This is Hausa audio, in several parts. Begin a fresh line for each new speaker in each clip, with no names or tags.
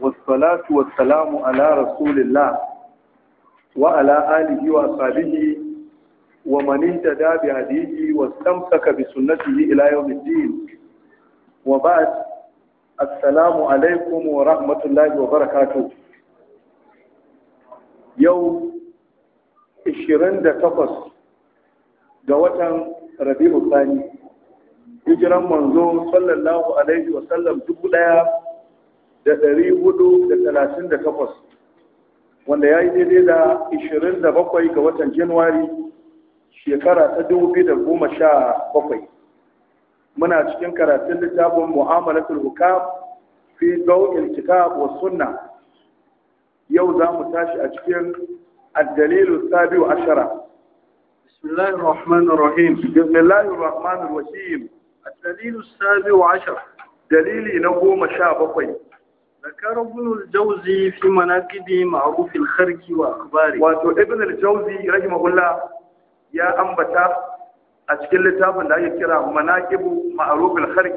والصلاة والسلام على رسول الله وعلى آله وأصحابه ومن اهتدى بهديه واستمسك بسنته إلى يوم الدين وبعد السلام عليكم ورحمة الله وبركاته يوم 28 ga watan Rabi'u Sani hijiran manzo sallallahu alaihi wa sallam dubu daya da ɗari hudu da talatin da takwas wanda ya yi daidai da ishirin da bakwai ga watan januwari shekara ta dubu biyu da goma sha bakwai muna cikin karatun littafin mu'amalatul hukam fi dau'il kitab wa sunna yau za mu tashi a cikin addalilu sabiu ashara بسم الله Rahim, الرحيم بسم Rahim, الرحمن الرحيم الدليل dalili na goma sha bakwai. ذكر ابن الجوزي في مناقب معروف الخرق واخباره wato ibn al-jawzi rahimahullah ya ambata a cikin littafin da ake kira manaqib ma'ruf al-kharq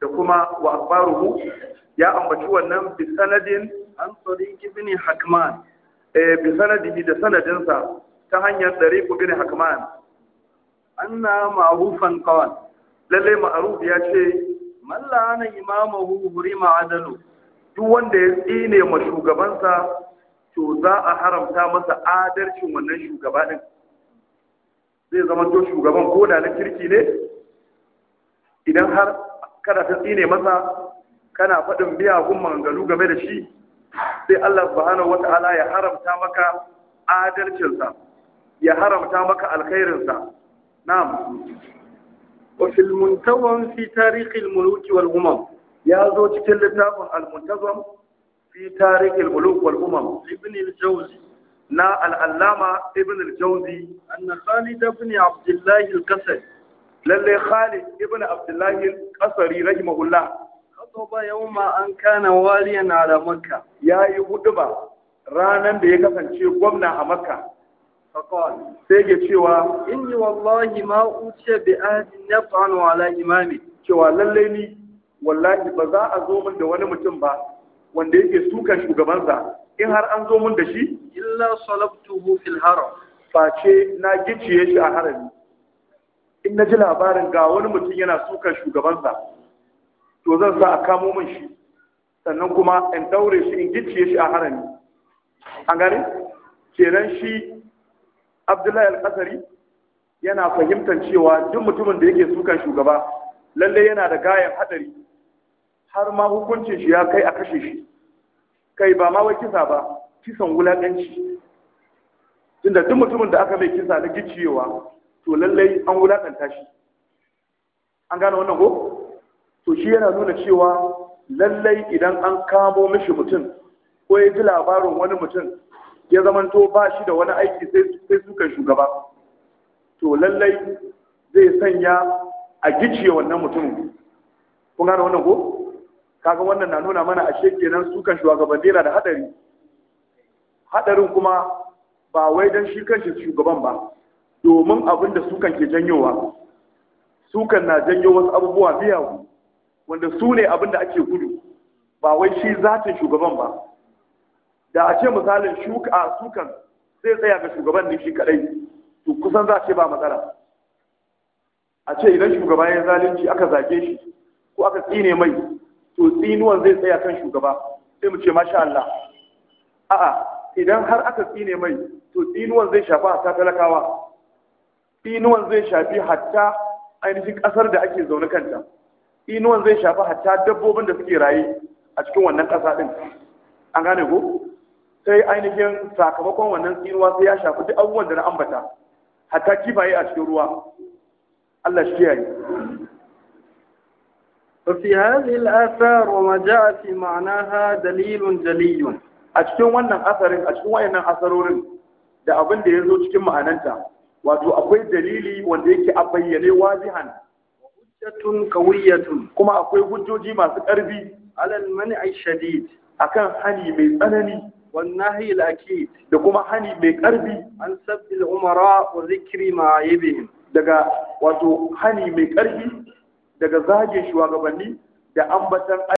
da kuma wa akhbaruhu ya ambaci wannan bi sanadin an tariq ibn hakman eh bi sanadihi da sanadinsa ta hanyar tariq ibn hakman anna ma'rufan qawl lalle ma'ruf ya ce man la'ana imamahu hurima adalu duk wanda ya tsine ma shugabansa to za a haramta masa adalcin wannan shugaba din zai zama to shugaban ko da na kirki ne idan har kada ta tsine masa kana faɗin miyagun maganganu game da shi sai Allah subhanahu wata'ala ya haramta maka adalcinsa ya haramta maka alkhairinsa na'am wa fil muntawan fi tarikhil muluki wal umam ya zo cikin littafin al-muntazam fi tarikh al-muluk wal umam ibn al-jawzi na al-allama ibn al-jawzi anna khalid ibn abdullah al-qasri lalle khalid ibn abdullah al-qasri rahimahullah ba yawma an kana waliyan ala makka yayi huduba ranan da ya kasance gwamna a makka sai ya cewa inni wallahi ma uce bi ahdi ala imami cewa lalle ni wallahi ba za a zo min da wani mutum ba wanda yake sukan shugabansa in har an zo min da shi illa salabtuhu fil haram ce na gicciye shi a harami in na ji labarin ga wani mutum yana sukan shugabansa to zan sa a kamo min shi sannan kuma in daure shi in gicciye shi a harami an gane kenan shi abdullahi al-qasari yana fahimtar cewa duk mutumin da yake sukan shugaba lalle yana da gayan hadari har ma hukuncin shi ya kai a kashe shi kai ba ma wai kisa ba kisan wulaƙanci tunda duk mutumin da aka mai kisa na gicciyewa to lallai an wulaƙanta shi an gane wannan ko to shi yana nuna cewa lallai idan an kamo mishi mutum ko ya ji labarin wani mutum ya zamanto ba shi da wani aiki sai sukan shugaba to lallai zai sanya a gicciye wannan mutumin kun gane wannan ko kaga wannan na nuna mana ashe kenan su kan shugabanni na da hadari hadarin kuma ba wai dan shi kanshi shugaban ba domin abin da sukan ke janyowa sukan na janyo wasu abubuwa biya wanda su ne abin da ake gudu ba wai shi zatin shugaban ba da a ce misalin shuka sukan sai tsaya ga shugaban ne shi kadai to kusan za a ce ba matsala a ce idan shugaba ya zalunci aka zage shi ko aka tsine mai to tsinuwan zai tsaya kan shugaba sai mu ce masha Allah a'a idan har aka tsine mai to tsinuwan zai shafi hatta talakawa tsinuwan zai shafi hatta ainihin kasar da ake zaune kanta tsinuwan zai shafi hatta dabbobin da suke raye a cikin wannan kasa din an gane ko sai ainihin sakamakon wannan tsinuwa sai ya shafi duk abubuwan da na ambata hatta kifaye a cikin ruwa Allah shi yi. ففي هذه الآثار وما جاء في معناها دليل جلي أشكو أن أثر أشكو أن أثر ورن da abin da ya zo cikin ma'ananta wato akwai dalili wanda yake a bayyane wazihan hujjatun kawiyatun kuma akwai hujjoji masu ƙarfi alal mani'i shadid akan hani mai tsanani wan nahi da kuma hani mai ƙarfi an sabbil umara wa zikri ma'ayibihim daga wato hani mai ƙarfi daga zage shugabanni da ambatan